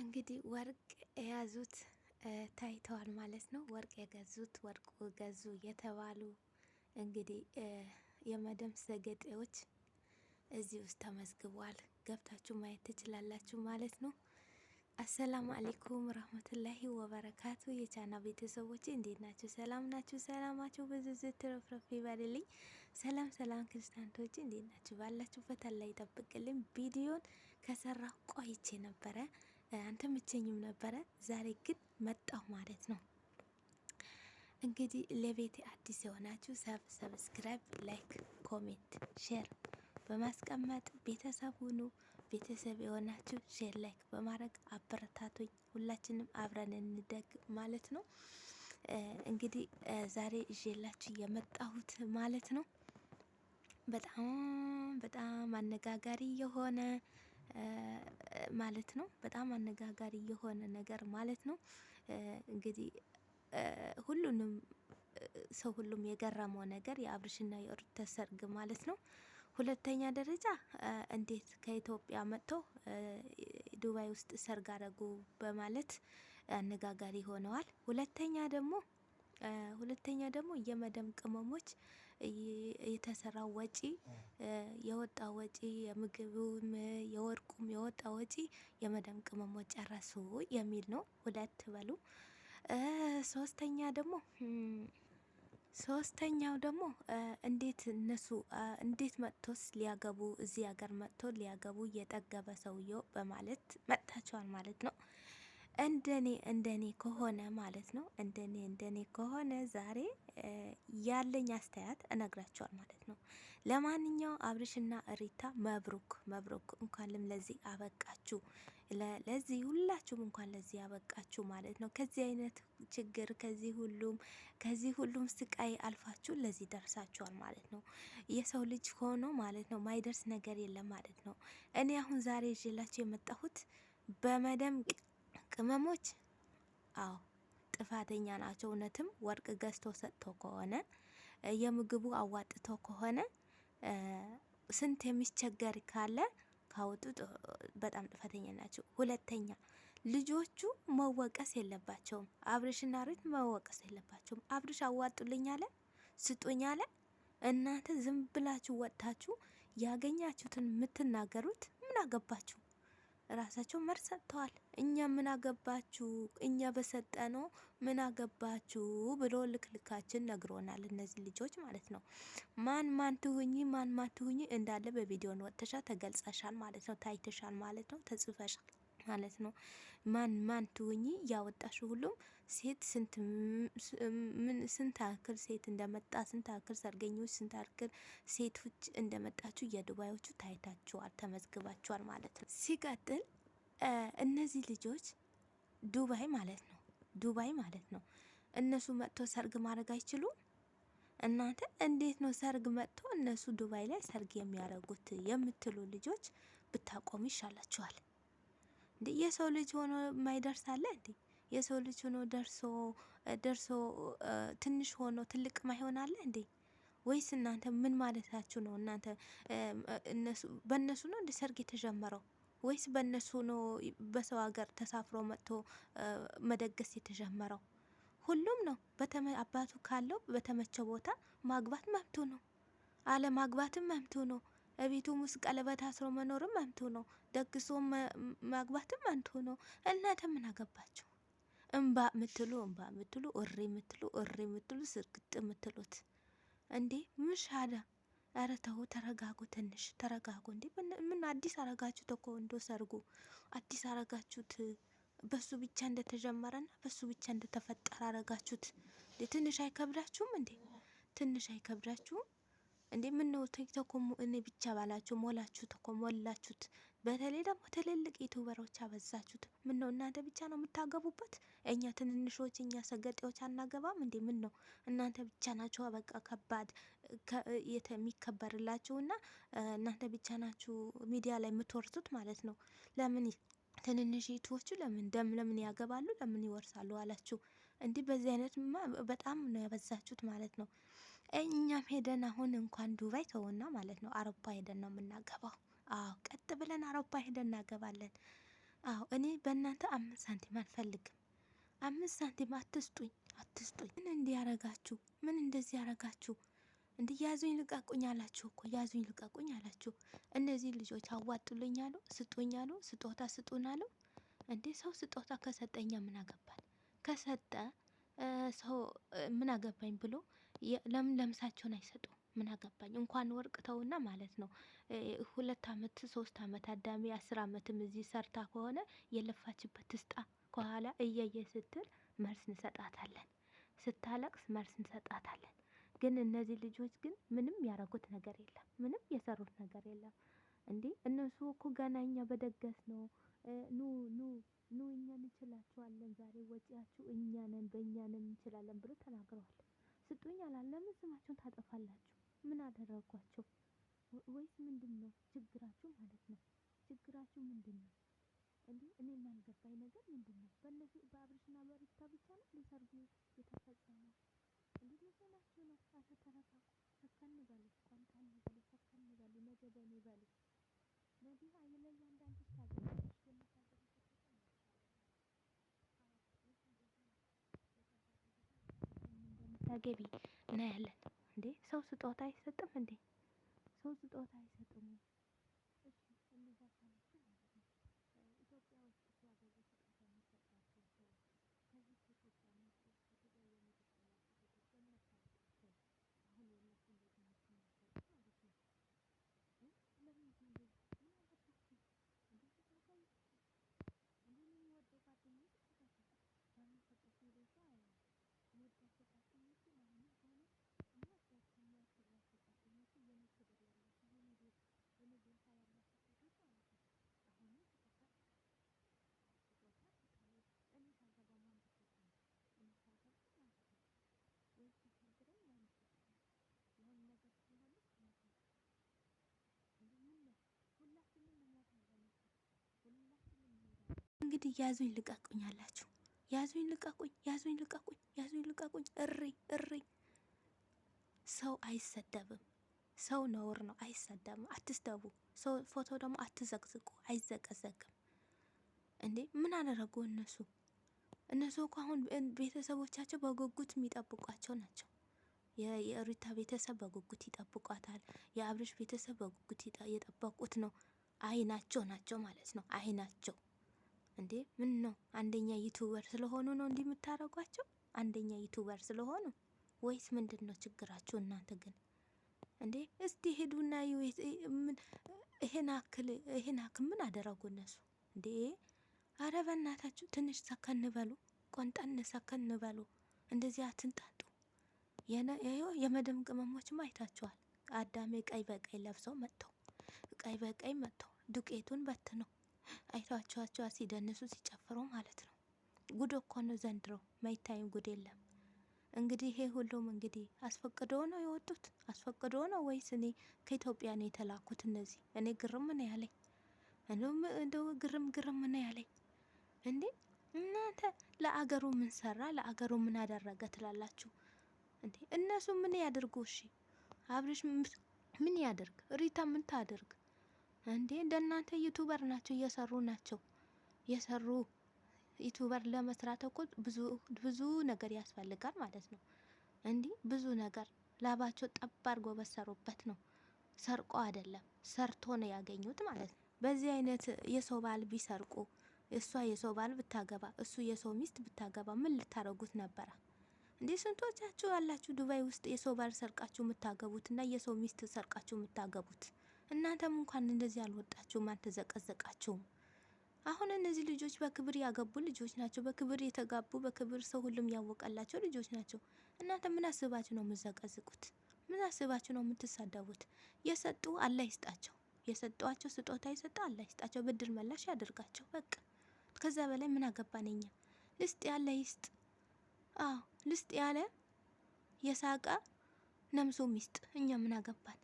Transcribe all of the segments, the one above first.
እንግዲህ ወርቅ የያዙት ታይተዋል ማለት ነው። ወርቅ የገዙት ወርቁ ገዙ የተባሉ እንግዲህ የመደም ሰገጤዎች እዚህ ውስጥ ተመዝግቧል። ገብታችሁ ማየት ትችላላችሁ ማለት ነው። አሰላሙ አሌይኩም ረህመቱላሂ ወበረካቱ የቻና ቤተሰቦች እንዴት ናችሁ? ሰላም ናችሁ? ሰላማችሁ ብዙ ዝትረፍረፍ ይበልልኝ። ሰላም ሰላም ክርስቲያንቶች እንዴት ናችሁ? ባላችሁበት አላህ ይጠብቅልኝ። ቪዲዮን ከሰራሁ ቆይቼ ነበረ አልተመቸኝም ነበረ። ዛሬ ግን መጣሁ ማለት ነው። እንግዲህ ለቤቴ አዲስ የሆናችሁ ሰብ ሰብስክራይብ፣ ላይክ፣ ኮሜንት፣ ሼር በማስቀመጥ ቤተሰብ ሁኑ። ቤተሰብ የሆናችሁ ሼር ላይክ በማድረግ አበረታቶኝ ሁላችንም አብረን እንደግ ማለት ነው። እንግዲህ ዛሬ ይዤላችሁ የመጣሁት ማለት ነው በጣም በጣም አነጋጋሪ የሆነ ማለት ነው። በጣም አነጋጋሪ የሆነ ነገር ማለት ነው። እንግዲህ ሁሉንም ሰው ሁሉም የገረመው ነገር የአብርሽና የሩታ ሰርግ ማለት ነው። ሁለተኛ ደረጃ እንዴት ከኢትዮጵያ መጥተው ዱባይ ውስጥ ሰርግ አደረጉ በማለት አነጋጋሪ ሆነዋል። ሁለተኛ ደግሞ ሁለተኛ ደግሞ የመደም ቅመሞች የተሰራው ወጪ የወጣ ወጪ የምግብም የወርቁም የወጣ ወጪ የመደም ቅመሞች ጨረሱ የሚል ነው። ሁለት በሉ። ሶስተኛ ደግሞ ሶስተኛው ደግሞ እንዴት እነሱ እንዴት መጥቶስ ሊያገቡ እዚህ ሀገር መጥቶ ሊያገቡ እየጠገበ ሰውየው በማለት መጥታቸዋል ማለት ነው። እንደኔ እንደኔ ከሆነ ማለት ነው እንደኔ እንደኔ ከሆነ ዛሬ ያለኝ አስተያየት እነግራቸዋል ማለት ነው። ለማንኛውም አብርሽና እሪታ መብሩክ መብሩክ፣ እንኳንም ለዚህ አበቃችሁ። ለዚህ ሁላችሁም እንኳን ለዚህ አበቃችሁ ማለት ነው። ከዚህ አይነት ችግር ከዚህ ሁሉም ከዚህ ሁሉም ስቃይ አልፋችሁ ለዚህ ደርሳችኋል ማለት ነው። የሰው ልጅ ሆኖ ማለት ነው ማይደርስ ነገር የለም ማለት ነው። እኔ አሁን ዛሬ ይዤላችሁ የመጣሁት በመደምቅ። ቅመሞች አዎ ጥፋተኛ ናቸው። እውነትም ወርቅ ገዝቶ ሰጥቶ ከሆነ የምግቡ አዋጥቶ ከሆነ ስንት የሚስቸገር ካለ ካወጡ በጣም ጥፋተኛ ናቸው። ሁለተኛ ልጆቹ መወቀስ የለባቸውም። አብርሽና ሩት መወቀስ የለባቸውም። አብርሽ አዋጡልኝ አለ፣ ስጡኝ አለ። እናንተ ዝም ብላችሁ ወጥታችሁ ያገኛችሁትን የምትናገሩት ምን አገባችሁ? ራሳቸው መርስ ሰጥተዋል። እኛ ምን አገባችሁ እኛ በሰጠነው ምን አገባችሁ ብሎ ልክልካችን ነግሮናል። እነዚህ ልጆች ማለት ነው። ማን ማን ትሁኝ ማን ማን ትሁኝ እንዳለ በቪዲዮ ወጥተሻ ተገልጸሻል ማለት ነው። ታይተሻል ማለት ነው። ተጽፈሻል ማለት ነው። ማን ማን ትሁኝ ያወጣሽ ሁሉም ሴት ስንት ምን ስንት አክል ሴት እንደመጣ ስንት አክል ሰርገኞች ስንት አክል ሴቶች እንደመጣችሁ የዱባዮቹ ታይታችኋል፣ ተመዝግባችኋል ማለት ነው። ሲቀጥል እነዚህ ልጆች ዱባይ ማለት ነው ዱባይ ማለት ነው እነሱ መጥቶ ሰርግ ማድረግ አይችሉም። እናንተ እንዴት ነው ሰርግ መጥቶ እነሱ ዱባይ ላይ ሰርግ የሚያደርጉት የምትሉ ልጆች ብታቆሙ ይሻላችኋል። እንዴ የሰው ልጅ ሆኖ ማይደርስ አለ እንዴ? የሰው ልጅ ሆኖ ደርሶ ደርሶ ትንሽ ሆኖ ትልቅ ማይሆን አለ እንዴ? ወይስ እናንተ ምን ማለታችሁ ነው? እናንተ እነሱ በእነሱ ነው እንደ ሰርግ የተጀመረው? ወይስ በእነሱ ነው በሰው ሀገር ተሳፍሮ መጥቶ መደገስ የተጀመረው? ሁሉም ነው። አባቱ ካለው በተመቸ ቦታ ማግባት መብቱ ነው። አለማግባትም መብቱ ነው። እቤቱ ውስጥ ቀለበት አስሮ መኖርም መብቱ ነው። ደግሶ ማግባትም መብቱ ነው። እናንተ ምን አገባችሁ? እምባ ምትሉ እምባ ምትሉ እሪ ምትሉ እሪ ምትሉ ስርግጥ ምትሉት እንዴ ምሻዳ ኧረ ተው ተረጋጉ፣ ትንሽ ተረጋጉ። እንዴ ምን አዲስ አረጋችሁት እኮ እንዶ ሰርጉ አዲስ አረጋችሁት። በሱ ብቻ እንደተጀመረና በሱ ብቻ እንደተፈጠረ አረጋችሁት። እንዴ ትንሽ አይከብዳችሁም እንዴ? ትንሽ አይከብዳችሁም እንዴ? ምን ነው ቲክቶክ እኔ ብቻ ባላችሁ ሞላችሁት እኮ ሞላችሁት። በተለይ ደግሞ ትልልቅ ዩቱበሮች አበዛችሁት። ምን ነው እናንተ ብቻ ነው የምታገቡበት? እኛ ትንንሾች፣ እኛ ሰገጤዎች አናገባም እንዴ? ምን ነው እናንተ ብቻ ናችሁ? በቃ ከባድ እና እናንተ ብቻ ናችሁ ሚዲያ ላይ የምትወርሱት ማለት ነው። ለምን ትንንሽ ዩቱቦቹ ለምን ደም ለምን ያገባሉ ለምን ይወርሳሉ አላችሁ? እንዲህ በዚህ አይነት በጣም ነው ያበዛችሁት ማለት ነው። እኛም ሄደን አሁን እንኳን ዱባይ ተውና ማለት ነው አውሮፓ ሄደን ነው የምናገባው አዎ ቀጥ ብለን አውሮፓ ሄደን እናገባለን። አዎ እኔ በእናንተ አምስት ሳንቲም አልፈልግም። አምስት ሳንቲም አትስጡኝ፣ አትስጡኝ። ምን ያረጋችሁ? ምን እንደዚህ ያረጋችሁ እንዲ ያዙኝ ልቀቁኝ አላችሁ እኮ ያዙኝ ልቀቁኝ አላችሁ። እነዚህ ልጆች አዋጡልኝ አሉ፣ ስጡኝ አሉ፣ ስጦታ ስጡን አሉ። እንዴ ሰው ስጦታ ከሰጠኛ ምን አገባል? ከሰጠ ሰው ምን አገባኝ ብሎ ለምን ለምሳቸውን አይሰጡም? ምን አገባኝ እንኳን ወርቅ ተውና ማለት ነው ሁለት አመት ሶስት አመት አዳሚ አስር አመትም እዚህ ሰርታ ከሆነ የለፋችበት ትስጣ ከኋላ እየየ ስትል መልስ እንሰጣታለን። ስታለቅስ መልስ እንሰጣታለን። ግን እነዚህ ልጆች ግን ምንም ያረጉት ነገር የለም። ምንም የሰሩት ነገር የለም። እንዴ እነሱ እኮ ገና እኛ በደገስ ነው ኑ ኑ ኑ እኛ እንችላችኋለን፣ ዛሬ ወጪያችሁ እኛ ነን፣ በእኛ ነን እንችላለን ብሎ ተናግረዋል። ስጡኝ አላለም። ስማችሁን ታጠፋላችሁ። ምን አደረጓቸው ወይስ ምንድን ነው ችግራችሁ ማለት ነው? ችግራችሁ ምንድን ነው? እንዴ እኔ ያልገባኝ ነገር ምንድን ነው? በእነዚህ በአብርሽና በሩታ ብቻ ነው ሰርጉ የተፈጸመው? እንዴት መሰላችሁ ነው ራሱ ተረጋጉ፣ ሰከን በሉ፣ ቆንጠን በሉ፣ ሰከን በሉ፣ ነገ በኔ በሉ። በዚህ አይለ እያንዳንዱ ታገኛለች እንደምታገቢ እናያለን። እንዴ ሰው ስጦታ አይሰጥም እንዴ? ሰው ስጦታ አይሰጥም። እንግዲህ ያዙኝ ልቀቁኝ አላችሁ። ያዙኝ ልቀቁኝ፣ ያዙኝ ልቀቁኝ፣ ያዙኝ ልቀቁኝ። እሪ እሪ። ሰው አይሰደብም። ሰው ነውር ነው፣ አይሰደብም። አትስደቡ። ሰው ፎቶ ደግሞ አትዘቅዝቁ፣ አይዘቀዘቅም። እንዴ ምን አደረጉ እነሱ? እነሱ እኮ አሁን ቤተሰቦቻቸው በጉጉት የሚጠብቋቸው ናቸው። የሩታ ቤተሰብ በጉጉት ይጠብቋታል። የአብርሽ ቤተሰብ በጉጉት የጠበቁት ነው። አይናቸው ናቸው ማለት ነው። አይናቸው እንዴ ምን ነው አንደኛ ዩቱበር ስለሆኑ ነው እንዲህ የምታደርጓቸው? አንደኛ ዩቱበር ስለሆኑ ወይስ ምንድን ነው ችግራችሁ እናንተ ግን? እንዴ እስቲ ሄዱና ይሄን አክል አክል ምን አደረጉ እነሱ እንዴ? አረ በእናታችሁ ትንሽ ሰከን በሉ፣ ቆንጠን ሰከን በሉ፣ እንደዚህ አትንጣጡ። የመደም ቅመሞችም አይታችኋል። አዳሜ ቀይ በቀይ ለብሰው መጥተው ቀይ በቀይ መጥተው ዱቄቱን በት ነው አይታችኋቸዋ ሲደንሱ ሲጨፍሩ ማለት ነው። ጉድ እኮ ነው ዘንድሮ ማይታይ ጉድ የለም። እንግዲህ ይሄ ሁሉም እንግዲህ አስፈቅዶ ነው የወጡት አስፈቅዶ ነው ወይስ እኔ ከኢትዮጵያ ነው የተላኩት? እነዚህ እኔ ግርም ነው ያለኝ። እንደውም እንደው ግርም ግርም ነው ያለኝ እንዴ እናንተ ለአገሩ ምን ሰራ ለአገሩ ምን አደረገ ትላላችሁ እንዴ? እነሱ ምን ያደርጉ? እሺ አብርሽ ምን ያደርግ? ሪታ ምን ታደርግ? እንዴ እንደናንተ ዩቱበር ናቸው፣ እየሰሩ ናቸው። የሰሩ ዩቱበር ለመስራት እኮ ብዙ ብዙ ነገር ያስፈልጋል ማለት ነው። እንዲህ ብዙ ነገር ላባቸው ጠብ አድርጎ በሰሩበት ነው። ሰርቆ አይደለም ሰርቶ ነው ያገኙት ማለት ነው። በዚህ አይነት የሰው ባል ቢሰርቁ እሷ የሰው ባል ብታገባ እሱ የሰው ሚስት ብታገባ ምን ልታረጉት ነበረ? እንዴ ስንቶቻችሁ ያላችሁ ዱባይ ውስጥ የሰው ባል ሰርቃችሁ የምታገቡት እና የሰው ሚስት ሰርቃችሁ የምታገቡት? እናንተም እንኳን እንደዚህ አልወጣችሁም፣ አልተዘቀዘቃችሁም። አሁን እነዚህ ልጆች በክብር ያገቡ ልጆች ናቸው። በክብር የተጋቡ በክብር ሰው ሁሉም ያወቀላቸው ልጆች ናቸው። እናንተ ምን አስባችሁ ነው የምዘቀዝቁት? ምን አስባችሁ ነው የምትሳደቡት? የሰጡ አላ ይስጣቸው። የሰጧቸው ስጦታ የሰጡ አላ ይስጣቸው። ብድር መላሽ ያደርጋቸው። በቃ ከዛ በላይ ምን አገባን እኛ? ልስጥ ያለ ይስጥ። አዎ ልስጥ ያለ የሳቀ ነምሶ ሚስጥ። እኛ ምን አገባን?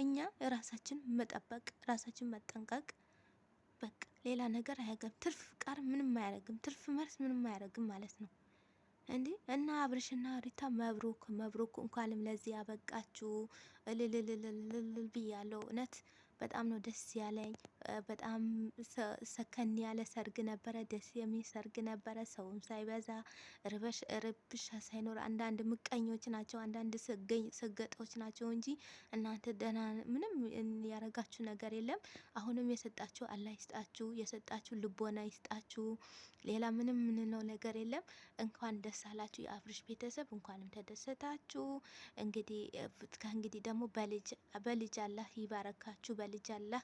እኛ ራሳችን መጠበቅ፣ ራሳችን መጠንቀቅ፣ በቃ ሌላ ነገር አያገብ ትርፍ ቃር ምንም አያደርግም፣ ትርፍ መርስ ምንም አያደርግም ማለት ነው። እንዲህ እና አብርሽና ሪታ መብሩክ መብሩክ፣ እንኳንም ለዚህ ያበቃችሁ እልልልልልል እውነት በጣም ነው ደስ ያለኝ። በጣም ሰከን ያለ ሰርግ ነበረ። ደስ የሚል ሰርግ ነበረ። ሰውም ሳይበዛ ርበሽ ርብሻ ሳይኖር አንዳንድ ምቀኞች ናቸው፣ አንዳንድ ሰገጦች ናቸው እንጂ እናንተ ደህና ምንም ያረጋችሁ ነገር የለም። አሁንም የሰጣችሁ አላህ ይስጣችሁ፣ የሰጣችሁ ልቦና ይስጣችሁ። ሌላ ምንም ምንለው ነገር የለም። እንኳን ደስ አላችሁ የአብርሽ ቤተሰብ፣ እንኳንም ተደሰታችሁ። እንግዲህ ከእንግዲህ ደግሞ በልጅ አላህ ይባረካችሁ፣ በልጅ አላህ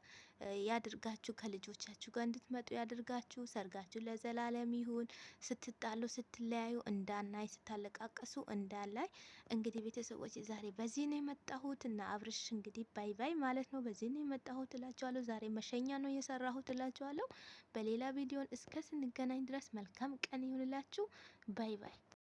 ያድ አድርጋችሁ ከልጆቻችሁ ጋር እንድትመጡ ያድርጋችሁ። ሰርጋችሁ ለዘላለም ይሁን። ስትጣሉ፣ ስትለያዩ እንዳናይ፣ ስታለቃቀሱ እንዳላይ። እንግዲህ ቤተሰቦች ዛሬ በዚህ ነው የመጣሁት እና አብርሽ እንግዲህ ባይ ባይ ማለት ነው። በዚህ ነው የመጣሁት እላችኋለሁ። ዛሬ መሸኛ ነው የሰራሁት እላችኋለሁ። በሌላ ቪዲዮን እስከ ስንገናኝ ድረስ መልካም ቀን ይሁንላችሁ። ባይ ባይ።